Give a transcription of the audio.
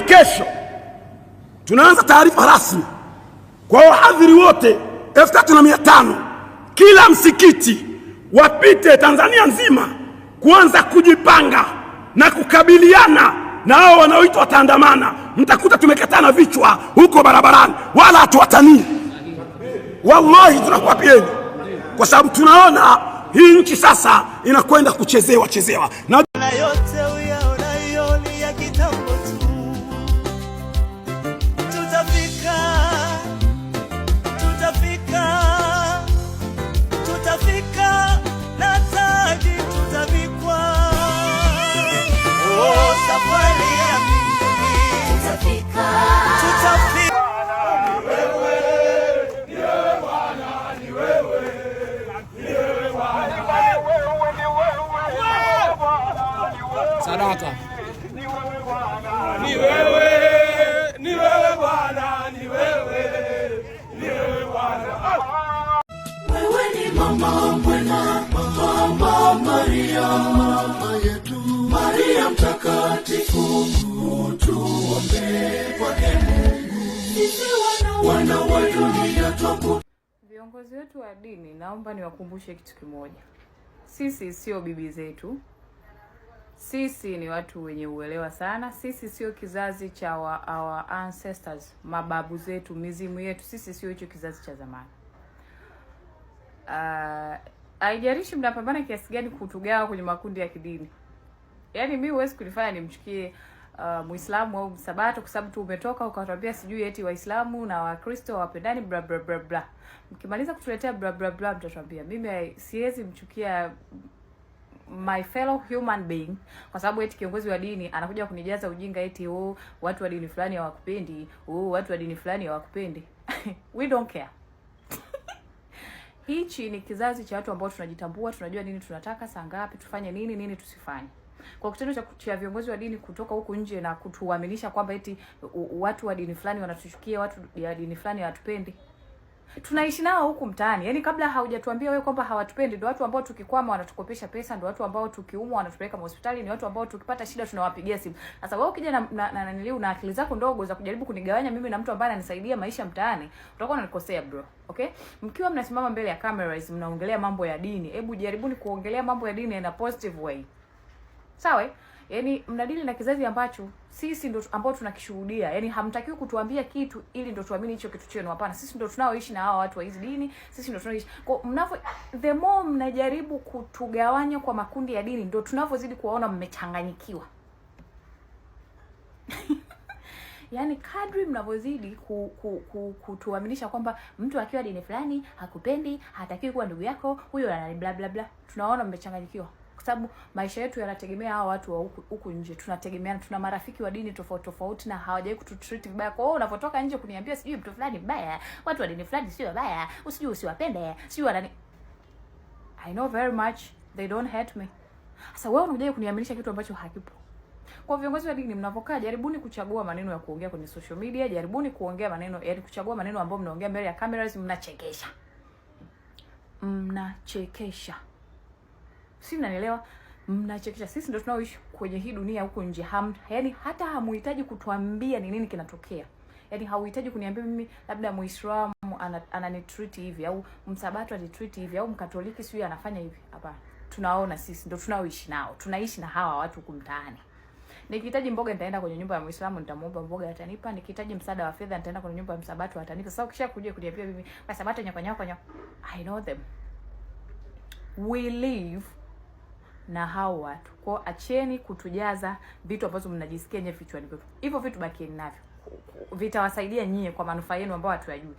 kesho tunaanza taarifa rasmi kwa wahadhiri wote elfu tatu na mia tano kila msikiti wapite Tanzania nzima kuanza kujipanga na kukabiliana na hao wanaoitwa wataandamana. Mtakuta tumekatana vichwa huko barabarani, wala hatuwatanii. Wallahi, tunakuapieni kwa sababu tunaona hii nchi sasa inakwenda kuchezewa chezewa na yote sadaka. Ni wewe ni wewe Bwana, ni wewe ni wewe Bwana, wewe ni mama mwema, mama Maria, mama yetu Maria mtakatifu, utuombee kwa Mungu sisi wana wa dunia tupo. Viongozi wetu wa dini, naomba niwakumbushe kitu kimoja, sisi sio bibi zetu. Sisi ni watu wenye uelewa sana. Sisi sio kizazi cha wa, our ancestors, mababu zetu, mizimu yetu. Sisi sio hicho kizazi cha zamani. Ah, haijalishi uh, mnapambana kiasi gani kutugawa kwenye makundi ya kidini. Yaani mi huwezi kunifanya nimchukie uh, Muislamu au Msabato kwa sababu tu umetoka ukatwambia sijui eti Waislamu na Wakristo wapendani bla bla bla bla. Mkimaliza kutuletea bla bla bla mtatwambia. Mimi siwezi mchukia my fellow human being, kwa sababu eti kiongozi wa dini anakuja kunijaza ujinga eti oh, watu wa dini fulani hawakupendi, oh, watu wa dini fulani hawakupendi. We don't care. Hichi ni kizazi cha watu ambao tunajitambua, tunajua nini tunataka, saa ngapi tufanye nini, nini tusifanye. Kwa kitendo cha kutia viongozi wa dini kutoka huku nje na kutuaminisha kwamba eti watu wa dini fulani wanatuchukia, watu wa dini fulani hawatupendi tunaishi nao huku mtaani. Yaani kabla haujatuambia wewe kwamba hawatupendi, ndio watu ambao tukikwama wanatukopesha pesa, ndio watu ambao tukiumwa wanatupeleka hospitali, ni watu ambao tukipata shida tunawapigia simu. Sasa wewe ukija na na, na, na, na akili zako ndogo za kujaribu kunigawanya mimi na mtu ambaye ananisaidia maisha mtaani, utakuwa unanikosea bro. Okay? Mkiwa mnasimama mbele ya cameras mnaongelea mambo ya dini, hebu jaribuni kuongelea mambo ya dini in a positive way sawa. Yani mnadili na kizazi ambacho sisi ndo ambao tunakishuhudia. Yani hamtakiwi kutuambia kitu ili ndo tuamini hicho kitu chenu. Hapana, sisi ndo tunaoishi na hawa watu wa hizi dini, sisi ndo tunaoishi kwa mnavo. The more mnajaribu kutugawanya kwa makundi ya dini, ndo tunavozidi kuwaona mmechanganyikiwa. Yaani kadri mnavyozidi ku, ku, ku, kutuaminisha kwamba mtu akiwa dini fulani hakupendi, hatakiwi kuwa ndugu yako, huyo ana bla bla bla, tunaona mmechanganyikiwa kwa sababu maisha yetu yanategemea hawa watu wa huku, huku nje. Tunategemeana, tuna marafiki wa dini tofauti tofauti na hawajawahi kututreat vibaya. Kwa hiyo unapotoka nje kuniambia sijui mtu fulani mbaya, watu wa dini fulani sio mbaya, usijui usiwapende, sijui wanani I know very much they don't hate me. Sasa wewe unakuja kuniaminisha kitu ambacho hakipo. Kwa viongozi wa dini mnapokaa, jaribuni kuchagua maneno ya kuongea kwenye social media, jaribuni kuongea maneno, yaani kuchagua maneno ambayo mnaongea mbele ya cameras, mnachekesha. Mnachekesha si mnanielewa? Mnachekesha. Sisi ndio tunaoishi kwenye hii dunia huko nje. Ham, yani hata hamuhitaji kutuambia ni nini kinatokea. Yani hauhitaji kuniambia mimi labda Muislamu ananitreat ana hivi au Msabato anitreat hivi au Mkatoliki sijui anafanya hivi. Hapana. Tunaona sisi ndio tunaoishi nao. Tunaishi na hawa watu mtaani. Nikihitaji mboga nitaenda kwenye nyumba ya Muislamu nitamuomba mboga atanipa. Nikihitaji msaada wa fedha nitaenda kwenye nyumba ya Msabato atanipa. Sasa ukisha kuja kuniambia mimi Msabato nyakanyako nyakanyako. I know them. We live na hao watu. Kwao acheni kutujaza vitu ambazo mnajisikia nyewe vichwani kwetu, hivyo vitu bakieni navyo, vitawasaidia nyie kwa manufaa yenu ambao hatuyajui.